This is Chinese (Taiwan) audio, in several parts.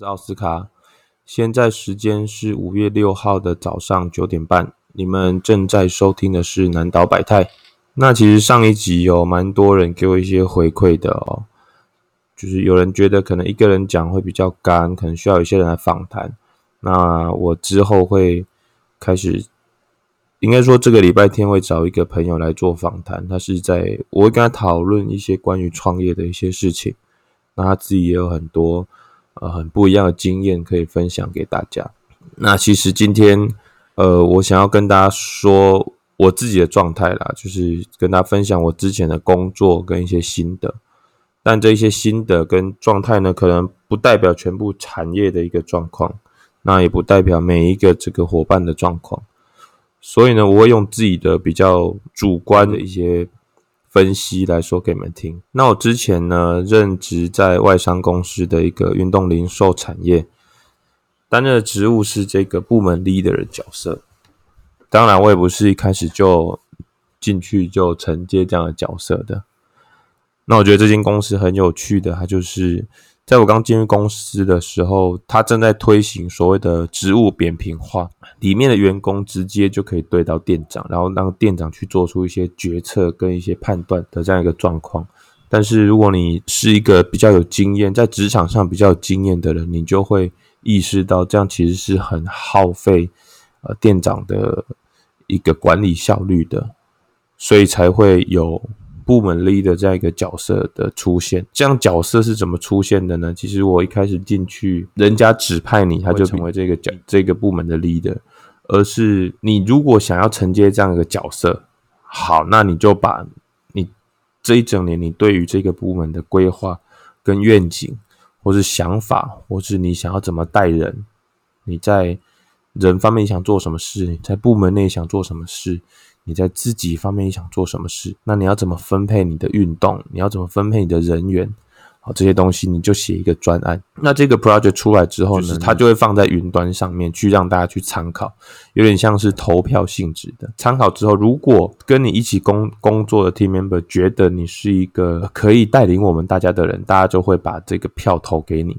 是奧斯卡。現在時間是五月六號的早上九點半。你們正在收聽的是《南島百態》。那其實上一集有哦，蠻多人給我一些回饋的哦，就是有人覺得可能一個人講會比較乾，可能需要有些人來訪談。那我之後會開始，應該說這個禮拜天會找一個朋友來做訪談。他是在，我會跟他討論一些關於創業的一些事情，那他自己也有很多。呃，很不一樣的經驗可以分享給大家。那其實今天，呃，我想要跟大家說我自己的狀態啦,就是跟大家分享我之前的工作跟一些心得。但這一些心得跟狀態呢，可能不代表全部產業的一個狀況，那也不代表每一個這個夥伴的狀況。所以呢，我會用自己的比較主觀的一些。分析來說給你們聽。那我之前呢，任職在外商公司的一個運動零售產業，擔任的職務是這個部門 leader 的角色。當然，我也不是一開始就進去就承接這樣的角色的。那我覺得這間公司很有趣的，它就是。在我剛進入公司的時候，他正在推行所謂的職務扁平化，裡面的員工直接就可以對到店長，然後讓店長去做出一些決策跟一些判斷的這樣一個狀況。但是如果你是一個比較有經驗，在職場上比較有經驗的人，你就會意識到這樣其實是很耗費呃店長的一個管理效率的，所以才會有。部門 leader 這樣一個角色的出現，這樣角色是怎麼出現的呢？其實我一開始進去，人家指派你，他就成為這個角會成這個部門的 leader，而是你如果想要承接這樣一個角色，好，那你就把你這一整年你對於這個部門的規劃、跟願景，或是想法，或是你想要怎麼帶人，你在人方面想做什麼事，你在部門內想做什麼事。你在自己方面你想做什麼事？那你要怎麼分配你的運動？你要怎麼分配你的人員？好，這些東西你就寫一個專案。那這個 project 出來之後呢，就是它就會放在雲端上面去讓大家去參考，嗯、有點像是投票性質的。參考之後，如果跟你一起工工作的 team member 覺得你是一個可以帶領我們大家的人，大家就會把這個票投給你。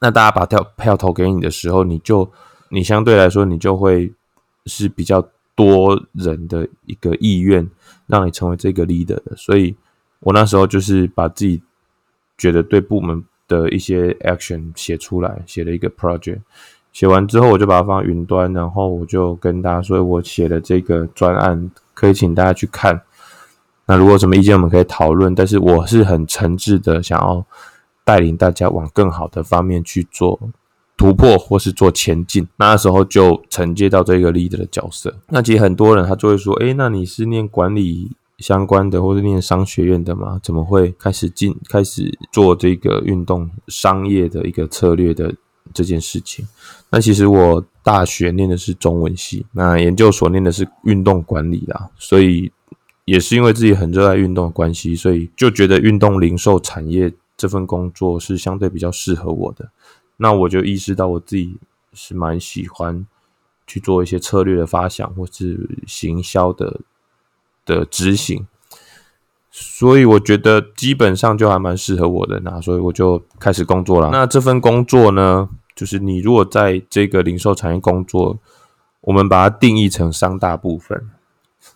那大家把票票投給你的時候，你就你相對來說，你就會是比較多人的一個意願，讓你成為這個 leader 的。所以我那時候就是把自己覺得對部門的一些 action 寫出來，寫了一個 project。寫完之後，我就把它放雲端，然後我就跟大家說：“我寫了這個專案，可以請大家去看。那如果有什麼意見，我們可以討論。但是我是很誠摯的，想要帶領大家往更好的方面去做。”突破或是做前進，那時候就承接到這個 leader 的角色。那其實很多人他就會說：“誒、欸，那你是念管理相關的，或是念商學院的嗎？怎麼會開始進，開始做這個運動商業的一個策略的這件事情？”那其實我大學念的是中文系，那研究所念的是運動管理啦，所以也是因為自己很熱愛運動的關係，所以就覺得運動零售產業這份工作是相對比較適合我的。那我就意識到我自己是蠻喜歡去做一些策略的發想，或是行銷的的執行，所以我覺得基本上就還蠻適合我的啊。那所以我就開始工作了。那這份工作呢，就是你如果在這個零售產業工作，我們把它定義成三大部分。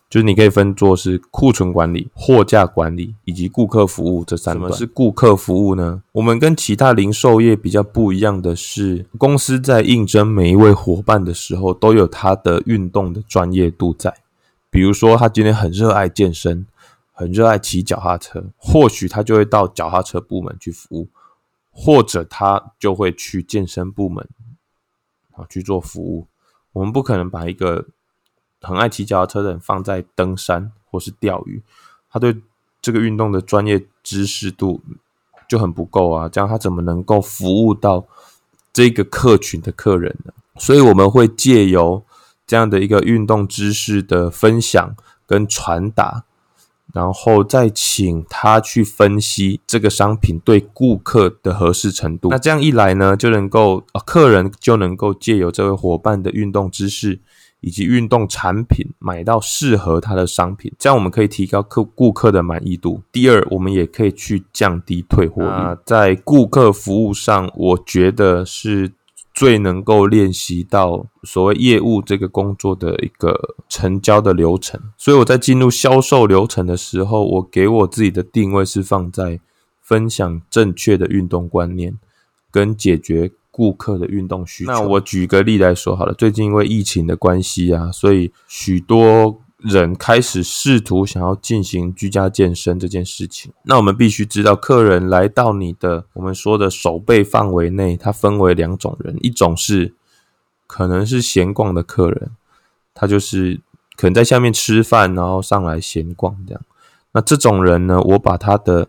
就是你可以分作是庫存管理、貨架管理以及顧客服務這三個。什麼是顧客服務呢？我們跟其他零售業比較不一樣的是，公司在應徵每一位夥伴的時候，都有他的運動的專業度在。比如說，他今天很熱愛健身，很熱愛騎腳踏車，或許他就會到腳踏車部門去服務，或者他就會去健身部門啊去做服務。我們不可能把一個。很愛騎腳踏車的人放在登山或是釣魚他對這個運動的專業知識度就很不夠啊。這樣他怎麼能夠服務到這個客群的客人呢？所以我們會借由這樣的一個運動知識的分享跟傳達，然後再請他去分析這個商品對顧客的合適程度。那這樣一來呢，就能夠呃，客人就能夠借由這位夥伴的運動知識。以及運動產品買到適合他的商品，這樣我們可以提高客顧客的滿意度。第二，我們也可以去降低退貨率。呃，在顧客服務上，我覺得是最能夠練習到所謂業務這個工作的一個成交的流程。所以我在進入銷售流程的時候，我給我自己的定位是放在分享正確的運動觀念跟解決。顧客的運動需求。那我舉個例來說好了，最近因為疫情的關係啊，所以許多人開始試圖想要進行居家健身這件事情。那我們必須知道，客人來到你的我們說的守備範圍內，它分為兩種人：一種是可能是閒逛的客人，他就是可能在下面吃飯，然後上來閒逛這樣。那這種人呢，我把他的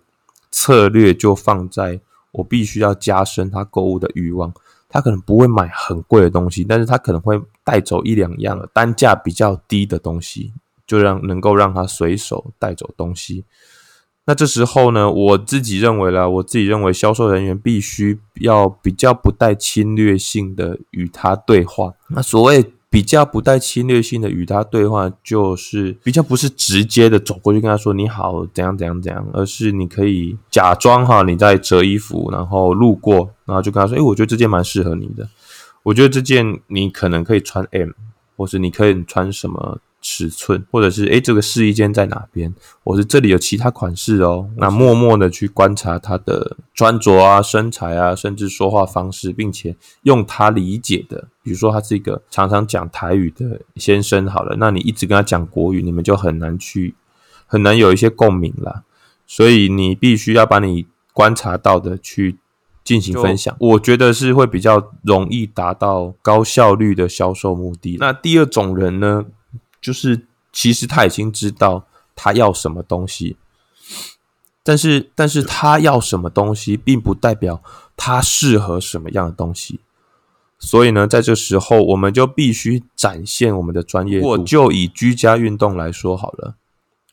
策略就放在。我必須要加深他購物的慾望，他可能不會買很貴的東西，但是他可能會帶走一兩樣的單價比較低的東西，就讓能夠讓他隨手帶走東西。那這時候呢，我自己認為啦，我自己認為銷售人員必須要比較不帶侵略性的與他對話。那所謂。比較不帶侵略性的與他對話，就是比較不是直接的走過去跟他說，你好怎樣怎樣怎樣，而是你可以假裝哈你在折衣服，然後路過，然後就跟他說，誒，我覺得這件蠻適合你的，我覺得這件你可能可以穿 M，或是你可以穿什麼。尺寸，或者是誒、欸，這個試衣間在哪邊？我說這裡有其他款式哦。那默默的去觀察他的穿着啊、身材啊，甚至說話方式，並且用他理解的，比如說他是一個常常講台語的先生，好了，那你一直跟他講國語，你們就很難去很難有一些共鳴啦。所以你必須要把你觀察到的去進行分享，我覺得是會比較容易達到高效率的銷售目的。那第二種人呢？就是，其實他已經知道他要什麼東西，但是，但是他要什麼東西，並不代表他適合什麼樣的東西。所以呢，在這時候，我們就必須展現我們的專業。我就以居家運動來說好了，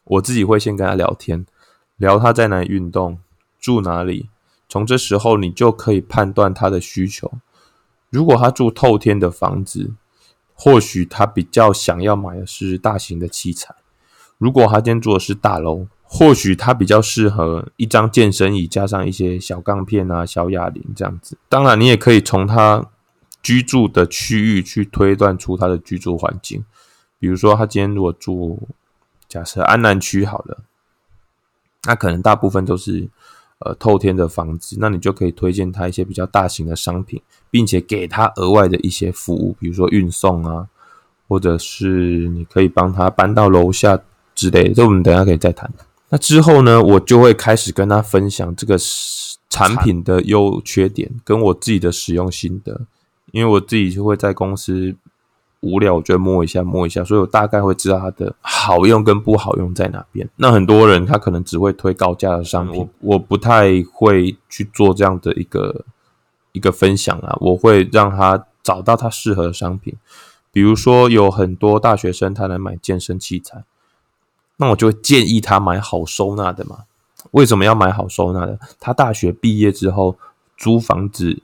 我自己會先跟他聊天，聊他在哪運動，住哪裡。從這時候，你就可以判斷他的需求。如果他住透天的房子，或許他比較想要買的是大型的器材。如果他今天住的是大樓，或許他比較適合一張健身椅加上一些小槓片啊、小啞鈴這樣子。當然，你也可以從他居住的區域去推斷出他的居住環境。比如說，他今天如果住，假設安南區好了，那可能大部分都是。呃，透天的房子，那你就可以推薦他一些比較大型的商品，並且給他額外的一些服務，比如說運送啊，或者是你可以幫他搬到樓下之類的。這我們等一下可以再談。那之後呢，我就會開始跟他分享這個產品的優缺點，跟我自己的使用心得，因為我自己就會在公司。無聊，我就摸一下摸一下，所以我大概會知道它的好用跟不好用在哪邊。那很多人他可能只會推高價的商品，嗯。我，我不太會去做這樣的一個一個分享啊。我會讓他找到他適合的商品，比如說有很多大學生他來買健身器材，那我就會建議他買好收納的嘛。為什麼要買好收納的？他大學畢業之後租房子，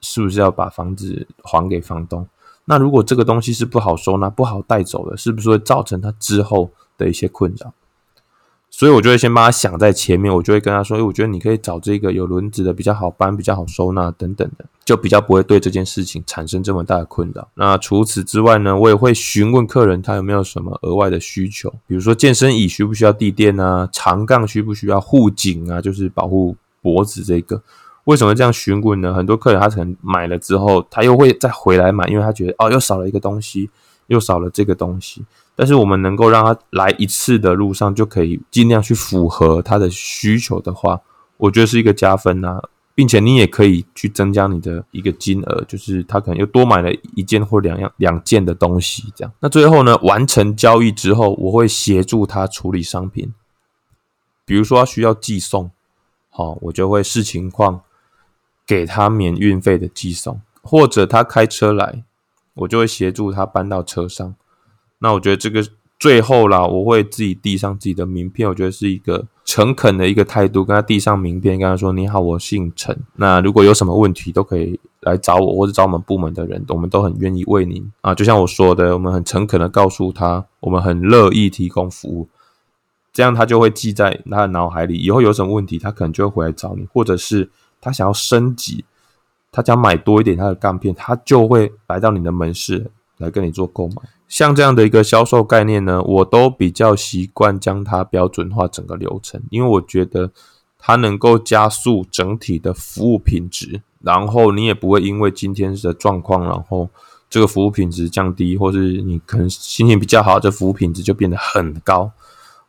是不是要把房子還給房東？那如果這個東西是不好收納、不好帶走的，是不是會造成他之後的一些困擾？所以我就會先把它想在前面，我就會跟他說：“誒、欸、我覺得你可以找這個有輪子的比較好搬、比較好收納等等的，就比較不會對這件事情產生這麼大的困擾。”那除此之外呢，我也會詢問客人他有沒有什麼額外的需求，比如說健身椅需不需要地墊啊，長槓需不需要護頸啊，就是保護脖子這個。為什麼這樣詢問呢？很多客人他可能買了之後，他又會再回來買，因為他覺得哦，又少了一個東西，又少了這個東西。但是我們能夠讓他來一次的路上就可以盡量去符合他的需求的話，我覺得是一個加分吶、啊，並且你也可以去增加你的一個金額，就是他可能又多買了一件或兩樣兩件的東西。這樣，那最後呢，完成交易之後，我會協助他處理商品，比如說他需要寄送，好，我就會視情況。給他免運費的寄送，或者他開車來，我就會協助他搬到車上。那我覺得這個最後啦，我會自己遞上自己的名片，我覺得是一個誠懇的一個態度，跟他遞上名片，跟他說：“你好，我姓陳。那如果有什麼問題，都可以來找我，或者找我們部門的人，我們都很願意為您啊。”就像我說的，我們很誠懇的告訴他，我們很樂意提供服務，這樣他就會記在他的腦海裡，以後有什麼問題，他可能就會回來找你，或者是。他想要升級，他想買多一點他的乾片，他就會來到你的門市來跟你做購買。像這樣的一個銷售概念呢，我都比較習慣將它標準化整個流程，因為我覺得它能夠加速整體的服務品質，然後你也不會因為今天的狀況，然後這個服務品質降低，或是你可能心情比較好，這服務品質就變得很高。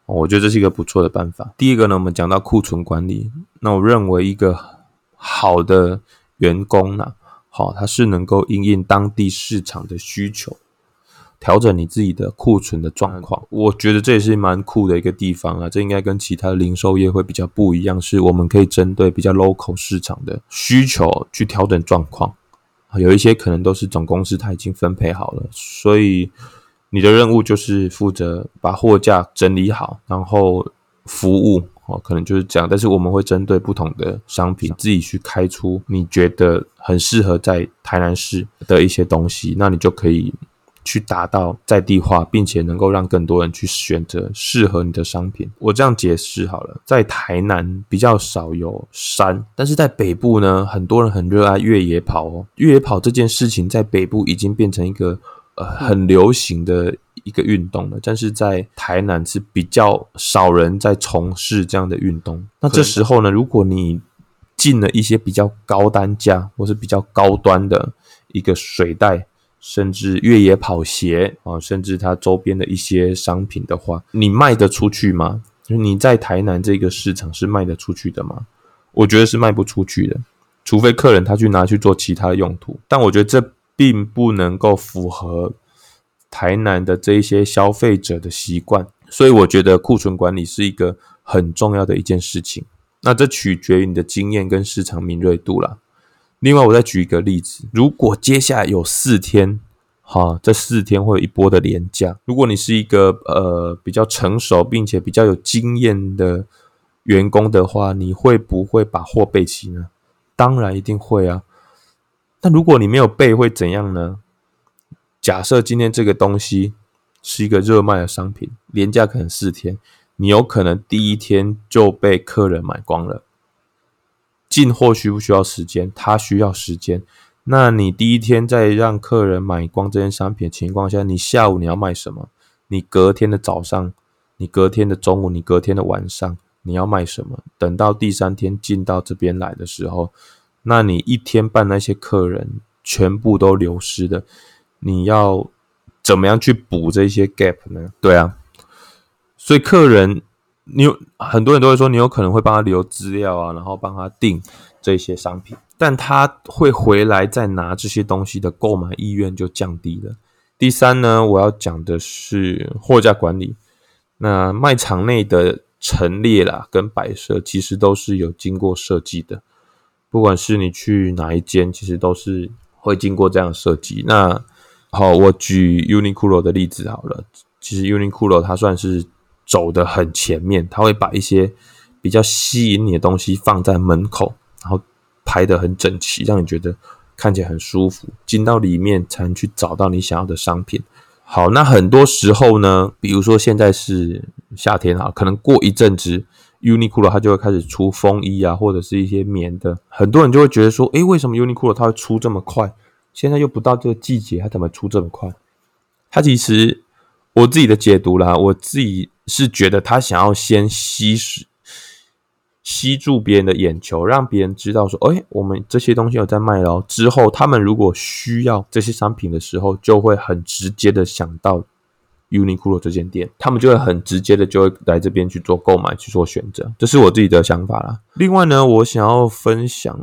我覺得這是一個不錯的辦法。第一個呢，我們講到庫存管理，那我認為一個。好的員工呢、啊、好、哦，他是能夠因應當地市場的需求，調整你自己的庫存的狀況。我覺得這也是蠻酷的一個地方啊，這應該跟其他零售業會比較不一樣，是我們可以針對比較 local 市場的需求去調整狀況。有一些可能都是總公司他已經分配好了，所以你的任務就是負責把貨架整理好，然後服務。哦，可能就是這樣，但是我們會針對不同的商品，自己去開出你覺得很適合在台南市的一些東西，那你就可以去達到在地化，並且能夠讓更多人去選擇適合你的商品。我這樣解釋好了，在台南比較少有山，但是在北部呢，很多人很熱愛越野跑哦，越野跑這件事情在北部已經變成一個。很流行的一個運動了，但是在台南是比較少人在從事這樣的運動。那這時候呢，如果你進了一些比較高單價或是比較高端的一個水袋，甚至越野跑鞋啊，甚至它週邊的一些商品的話，你賣得出去嗎？就是你在台南這個市場是賣得出去的嗎？我覺得是賣不出去的，除非客人他去拿去做其他用途。但我覺得這。並不能夠符合台南的這一些消費者的習慣，所以我覺得庫存管理是一個很重要的一件事情。那這取決於你的經驗跟市場敏銳度啦。另外，我再舉一個例子：如果接下來有四天，哈，這四天會有一波的連假。如果你是一個呃比較成熟並且比較有經驗的員工的話，你會不會把貨備齊呢？當然一定會啊。那如果你沒有備會怎樣呢？假設今天這個東西是一個熱賣的商品，廉價可能四天，你有可能第一天就被客人買光了。進貨需不需要時間？它需要時間。那你第一天在讓客人買光這件商品的情況下，你下午你要賣什麼？你隔天的早上，你隔天的中午，你隔天的晚上，你要賣什麼？等到第三天進到這邊來的時候。那你一天半那些客人全部都流失的，你要怎麼樣去補這些 gap 呢？對啊，所以客人你有很多人都會說，你有可能會幫他留資料啊，然後幫他訂這些商品，但他會回來再拿這些東西的購買意願就降低了。第三呢，我要講的是貨架管理，那賣場內的陳列啦跟擺設其實都是有經過設計的。不管是你去哪一間，其實都是會經過這樣設計。那好，我舉 Uniqlo 的例子好了。其實 Uniqlo 它算是走的很前面，它會把一些比較吸引你的東西放在門口，然後排得很整齊，讓你覺得看起來很舒服。進到裡面才能去找到你想要的商品。好，那很多時候呢，比如說現在是夏天啊，可能過一陣子。Uniqlo 它就會開始出風衣啊，或者是一些棉的。很多人就會覺得說，誒，為什麼、Uniqlo 它會出這麼快？現在又不到這個季節，它怎麼出這麼快？它，其實我自己的解讀啦，我自己是覺得他想要先吸吸住別人的眼球，讓別人知道說，誒，我們這些東西有在賣咯，之後他們如果需要這些商品的時候，就會很直接的想到。UNIQLO 這間店，他們就會很直接的就會來這邊去做購買，去做選擇，這是我自己的想法啦。另外呢，我想要分享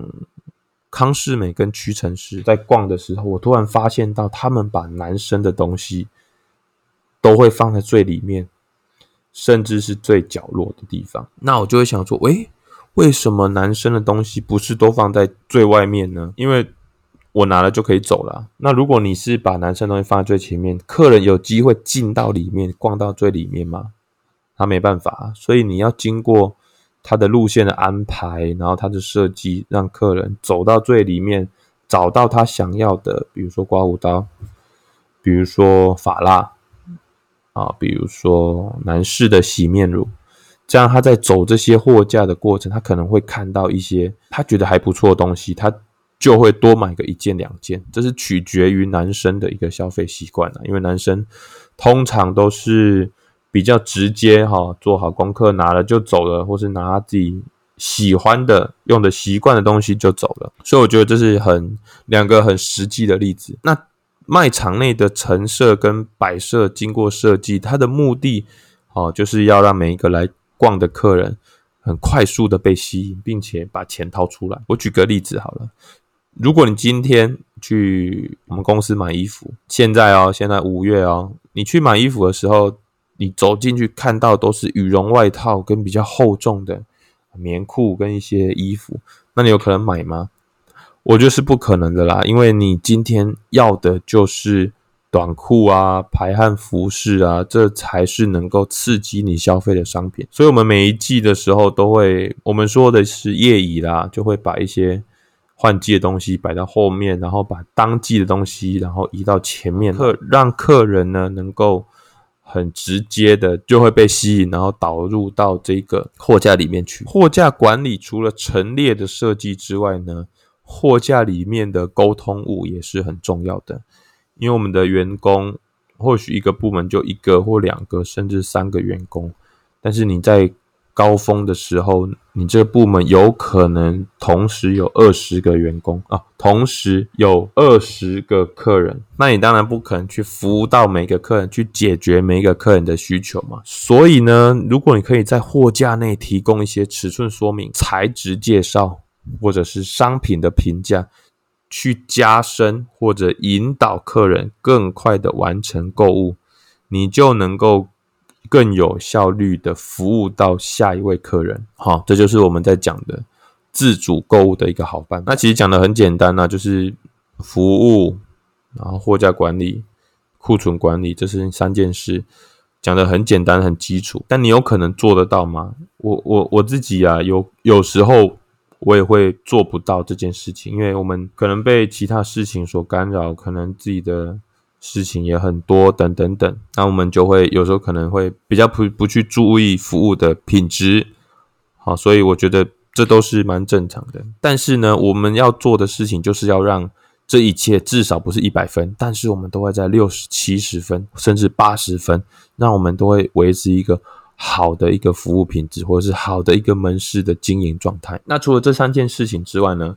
康是美跟屈臣氏在逛的時候，我突然發現到他們把男生的東西都會放在最裡面，甚至是最角落的地方。那我就會想說，誒、欸，為什麼男生的東西不是都放在最外面呢？因為我拿了就可以走了。那如果你是把男生的東西放在最前面，客人有機會進到裡面逛到最裡面嗎？他沒辦法，所以你要經過他的路線的安排，然後他的設計，讓客人走到最裡面，找到他想要的，比如說刮鬍刀，比如說髮蠟啊，比如說男士的洗面乳，這樣他在走這些貨架的過程，他可能會看到一些他覺得還不錯的東西，他就會多買個一件兩件，這是取決於男生的一個消費習慣啦。因為男生通常都是比較直接哈、哦，做好功課拿了就走了，或是拿自己喜歡的、用的習慣的東西就走了。所以我覺得這是很兩個很實際的例子。那賣場內的陳設跟擺設經過設計，它的目的哦，就是要讓每一個來逛的客人很快速地被吸引，並且把錢掏出來。我舉個例子好了。如果你今天去我們公司買衣服，現在哦，現在五月哦，你去買衣服的時候，你走進去看到都是羽絨外套跟比較厚重的棉褲跟一些衣服，那你有可能買嗎？我覺得是不可能的啦，因為你今天要的就是短褲啊、排汗服飾啊，這才是能夠刺激你消費的商品。所以，我們每一季的時候都會，我們說的是業語啦，就會把一些。換季的東西擺到後面，然後把當季的東西然後移到前面，客讓客人呢能夠很直接的就會被吸引，然後導入到這個貨架裡面去。貨架管理除了陳列的設計之外呢，貨架裡面的溝通物也是很重要的，因為我們的員工或許一個部門就一個或兩個甚至三個員工，但是你在高峰的時候，你這個部門有可能同時有二十個員工啊，同時有二十個客人，那你當然不可能去服務到每個客人，去解決每一個客人的需求嘛。所以呢，如果你可以在貨架內提供一些尺寸說明、材質介紹，或者是商品的評價，去加深或者引導客人更快的完成購物，你就能夠。更有效率的服務到下一位客人，好，哦，這就是我們在講的自主購物的一個好辦法。那其實講的很簡單吶、啊，就是服務，然後貨架管理、庫存管理，這是三件事，講的很簡單、很基礎。但你有可能做得到嗎？我、我、我自己啊，有有時候我也會做不到這件事情，因為我們可能被其他事情所干擾，可能自己的。事情也很多，等等等，那我們就會有時候可能會比較不不去注意服務的品質，好，所以我覺得這都是蠻正常的。但是呢，我們要做的事情就是要讓這一切至少不是一百分，但是我們都會在六十七十分，甚至八十分，讓我們都會維持一個好的一個服務品質，或者是好的一個門市的經營狀態。那除了這三件事情之外呢？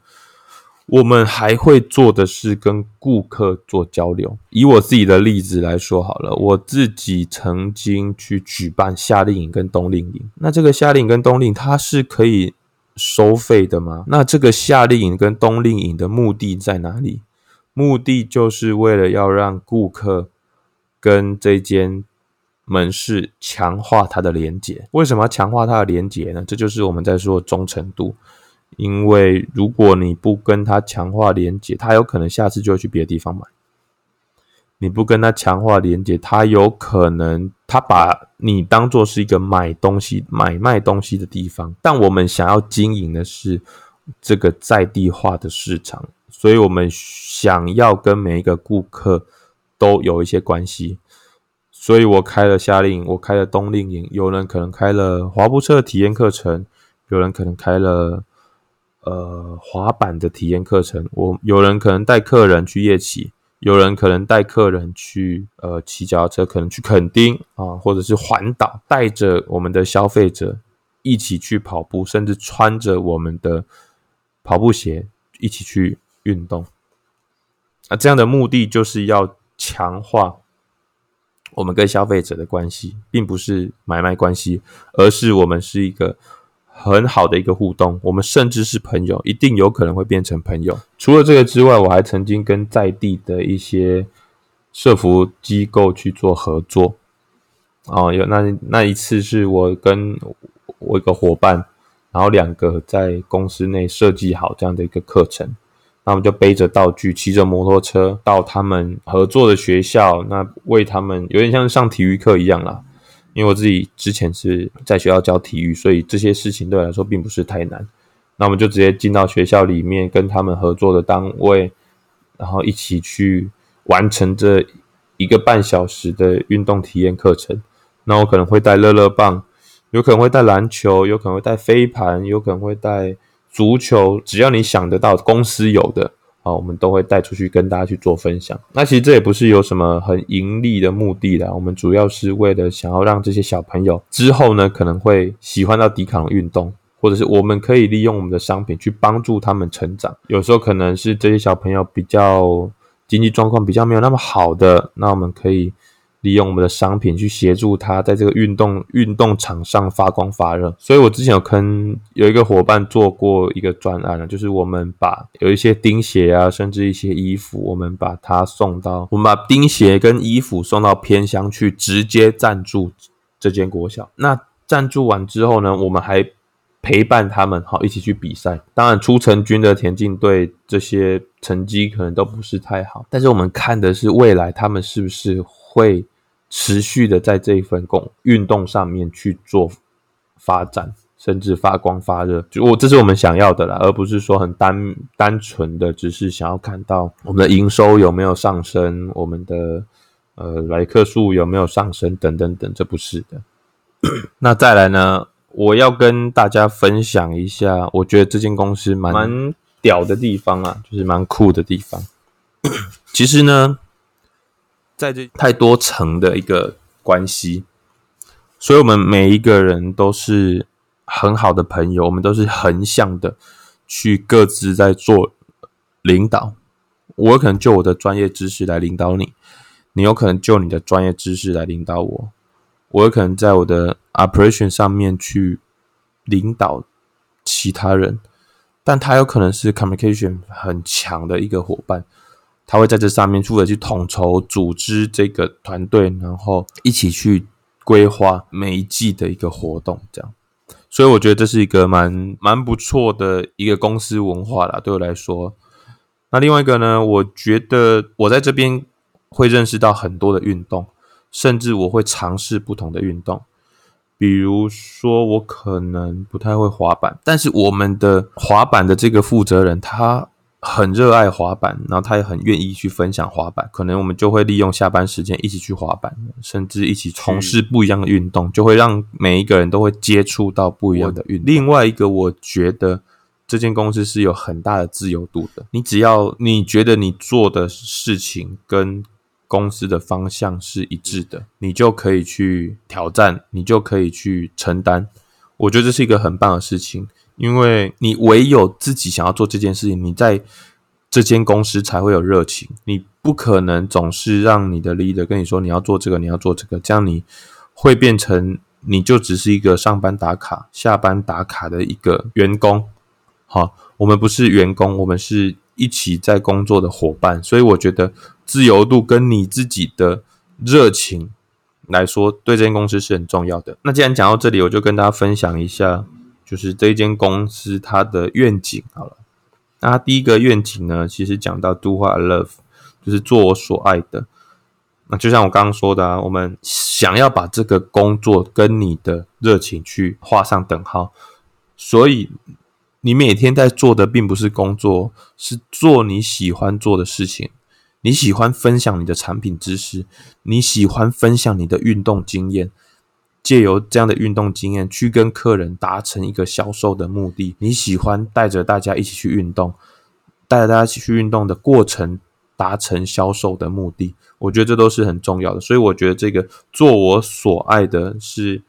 我們還會做的是跟顧客做交流。以我自己的例子來說，好了，我自己曾經去舉辦夏令營跟冬令營。那這個夏令營跟冬令營它是可以收費的嗎？那這個夏令營跟冬令營的目的在哪裡？目的就是為了要讓顧客跟這間門市強化它的連結。為什麼要強化它的連結呢？這就是我們在說忠誠度。因為如果你不跟他強化連接，他有可能下次就會去別的地方買。你不跟他強化連接，他有可能他把你當做是一個買東西、買賣東西的地方。但我們想要經營的是這個在地化的市場，所以我們想要跟每一個顧客都有一些關係。所以我開了夏令營，我開了冬令營，有人可能開了滑步車的體驗課程，有人可能開了。呃，滑板的體驗課程，我有人可能帶客人去夜騎，有人可能帶客人去，人客人去呃騎腳踏車，可能去墾丁啊，呃，或者是環島，帶着我們的消費者一起去跑步，甚至穿着我們的跑步鞋一起去運動。啊，這樣的目的就是要強化我們跟消費者的關係，並不是買賣關係，而是我們是一個。很好的一個互動，我們甚至是朋友，一定有可能會變成朋友。除了這個之外，我還曾經跟在地的一些社福機構去做合作。哦，有那那一次是我跟我一個夥伴，然後兩個在公司內設計好這樣的一個課程，那我們就背着道具，騎着摩托車到他們合作的學校，那為他們有點像上體育課一樣啦。因為我自己之前是在學校教體育，所以這些事情對我來說並不是太難。那我們就直接進到學校裡面跟他們合作的單位，然後一起去完成這一個半小時的運動體驗課程。那我可能會帶樂樂棒，有可能會帶籃球，有可能會帶飛盤，有可能會帶足球，只要你想得到，公司有的，我們都會帶出去跟大家去做分享。那其實這也不是有什麼很盈利的目的的，我們主要是為了想要讓這些小朋友之後呢，可能會喜歡到迪卡儂運動，或者是我們可以利用我們的商品去幫助他們成長。有時候可能是這些小朋友比較經濟狀況比較沒有那麼好的，那我們可以。利用我們的商品，去協助他在這個運動運動場上發光發熱。所以我之前有跟有一個夥伴做過一個專案啊，就是我們把有一些釘鞋啊，甚至一些衣服，我們把它送到我們把釘鞋跟衣服送到偏鄉去，直接贊助這間國小。那贊助完之後呢，我們還陪伴他們好一起去比賽。當然，初成軍的田徑隊這些成績可能都不是太好，但是我們看的是未來他們是不是。會持續的在這一份工運動上面去做發展，甚至發光發熱，就我這是我們想要的啦，而不是說很單單純的只是想要看到我們的營收有沒有上升，我們的呃來客數有沒有上升，等等等，這不是的。 那再來呢，我要跟大家分享一下，我覺得這間公司蠻 蠻屌的地方啊，就是蠻酷的地方。 其實呢，在這太多層的一個關係，所以我們每一個人都是很好的朋友，我們都是橫向的去各自在做領導。我有可能就我的專業知識來領導你，你有可能就你的專業知識來領導我，我有可能在我的 operation 上面去領導其他人，但他有可能是 communication 很強的一個夥伴。他會在這上面負責去統籌組織這個團隊，然後一起去規劃每一季的一個活動，這樣。所以我覺得這是一個蠻蠻不錯的一個公司文化啦，對我來說。那另外一個呢，我覺得我在這邊會認識到很多的運動，甚至我會嘗試不同的運動，比如說我可能不太會滑板，但是我們的滑板的這個負責人他。很熱愛滑板，然後他也很願意去分享滑板。可能我們就會利用下班時間一起去滑板，甚至一起從事不一樣的運動，是就會讓每一個人都會接觸到不一樣的運動。另外一個，我覺得這間公司是有很大的自由度的。你只要你覺得你做的事情跟公司的方向是一致的，你就可以去挑戰，你就可以去承擔。我覺得這是一個很棒的事情。因為你唯有自己想要做這件事情，你在這間公司才會有熱情。你不可能總是讓你的 leader 跟你說，你要做這個，你要做這個，這樣你會變成你就只是一個上班打卡、下班打卡的一個員工。好，我們不是員工，我們是一起在工作的夥伴。所以我覺得自由度跟你自己的熱情來說，對這間公司是很重要的。那既然講到這裡，我就跟大家分享一下。就是這間公司它的願景好了，那它第一個願景呢，其實講到 Do what I love，就是做我所愛的。那就像我剛剛說的啊，我們想要把這個工作跟你的熱情去畫上等號，所以你每天在做的並不是工作，是做你喜歡做的事情。你喜歡分享你的產品知識，你喜歡分享你的運動經驗。借由這樣的運動經驗去跟客人達成一個銷售的目的，你喜歡帶着大家一起去運動，帶着大家一起去運動的過程達成銷售的目的，我覺得這都是很重要的。所以我覺得這個做我所愛的是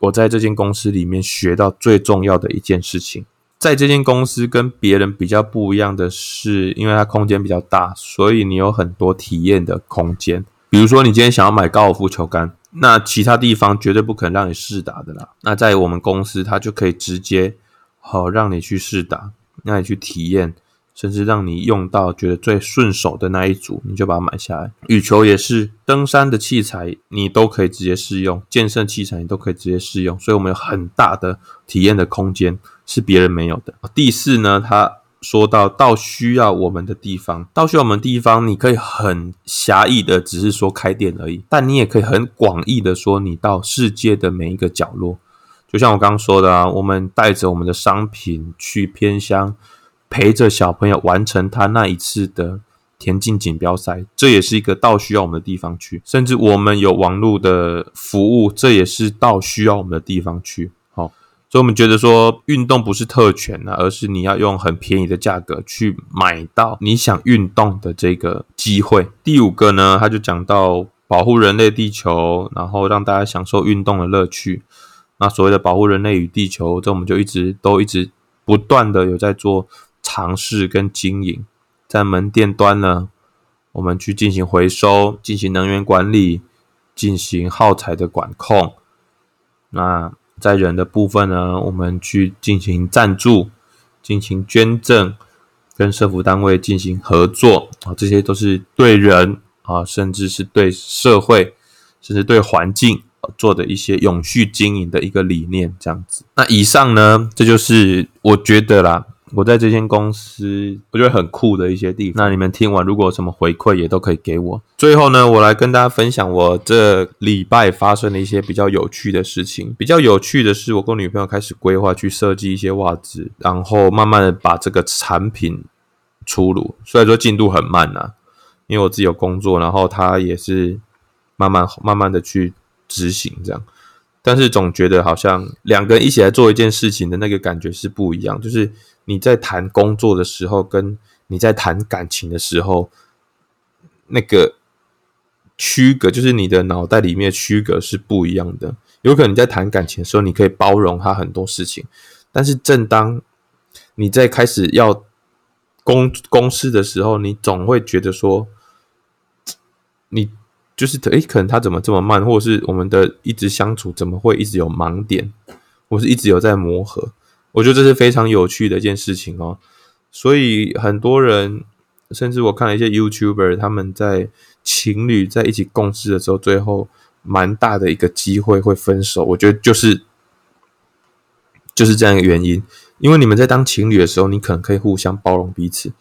我在這間公司裡面學到最重要的一件事情。在這間公司跟別人比較不一樣的是，因為它空間比較大，所以你有很多體驗的空間。比如說，你今天想要買高爾夫球桿。那其他地方絕對不可能讓你試打的啦。那在我們公司，它就可以直接好、哦、讓你去試打，讓你去體驗，甚至讓你用到覺得最順手的那一組，你就把它買下來。羽球也是，登山的器材你都可以直接試用，健身器材你都可以直接試用。所以，我們有很大的體驗的空間，是別人沒有的。第四呢，它，說到到需要我們的地方，到需要我們的地方，你可以很狹義的，只是說開店而已；但你也可以很廣義的說，你到世界的每一個角落。就像我剛剛說的啊，我們帶着我們的商品去偏鄉，陪着小朋友完成他那一次的田徑錦標賽，這也是一個到需要我們的地方去。甚至我們有網絡的服務，這也是到需要我們的地方去。所以我們覺得說，運動不是特權啊，而是你要用很便宜的價格去買到你想運動的這個機會。第五個呢，它就講到保護人類地球，然後讓大家享受運動的樂趣。那所謂的保護人類與地球，這我們就一直都一直不斷的有在做嘗試跟經營，在門店端呢，我們去進行回收、進行能源管理、進行耗材的管控。那在人的部分呢，我們去進行贊助、進行捐贈、跟社福單位進行合作啊，這些都是對人啊，甚至是對社會、甚至對環境做的一些永續經營的一個理念，這樣子。那以上呢，這就是我覺得啦。我在這間公司，我覺得很酷的一些地方。那你們聽完，如果有什麼回饋，也都可以給我。最後呢，我來跟大家分享我這禮拜發生的一些比較有趣的事情。比較有趣的是，我跟我女朋友開始規劃去設計一些襪子，然後慢慢的把這個產品出爐。雖然說進度很慢吶、啊，因為我自己有工作，然後他也是慢慢慢慢的去執行這樣。但是總覺得好像兩個人一起來做一件事情的那個感覺是不一樣。就是你在談工作的時候，跟你在談感情的時候，那個區隔，就是你的腦袋裡面的區隔是不一樣的。有可能你在談感情的時候，你可以包容他很多事情，但是正當你在開始要公公事的時候，你總會覺得說你。就是哎，可能他怎麼這麼慢，或者是我們的一直相處怎麼會一直有盲點？或是一直有在磨合，我覺得這是非常有趣的一件事情哦。所以很多人，甚至我看了一些 YouTuber，他們在情侶在一起共事的時候，最後蠻大的一個機會會分手，我覺得就是就是這樣一個原因。因為你們在當情侶的時候，你可能可以互相包容彼此，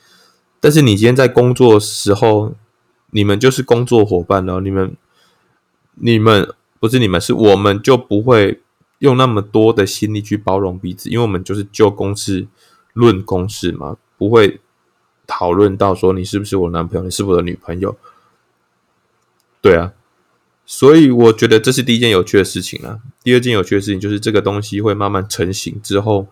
但是你今天在工作的時候。你們就是工作夥伴了，你們，你們不是你們，是我們就不會用那麼多的心力去包容彼此，因為我們就是就公事論公事嘛，不會討論到說你是不是我男朋友，你是不是我的女朋友。對啊，所以我覺得這是第一件有趣的事情啊。第二件有趣的事情就是這個東西會慢慢成型之後，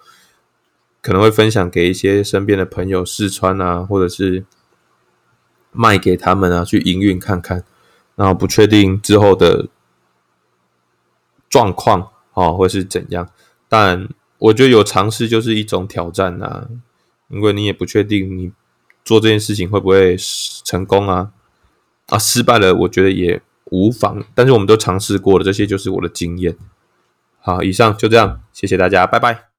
可能會分享給一些身邊的朋友試穿啊，或者是。賣給他們啊，去營運看看，然後不確定之後的狀況啊，會是怎樣？但我覺得有嘗試就是一種挑戰啊，因為你也不確定你做這件事情會不會成功啊，啊，失敗了我覺得也無妨。但是我們都嘗試過了，這些就是我的經驗。好，以上就這樣，謝謝大家，拜拜。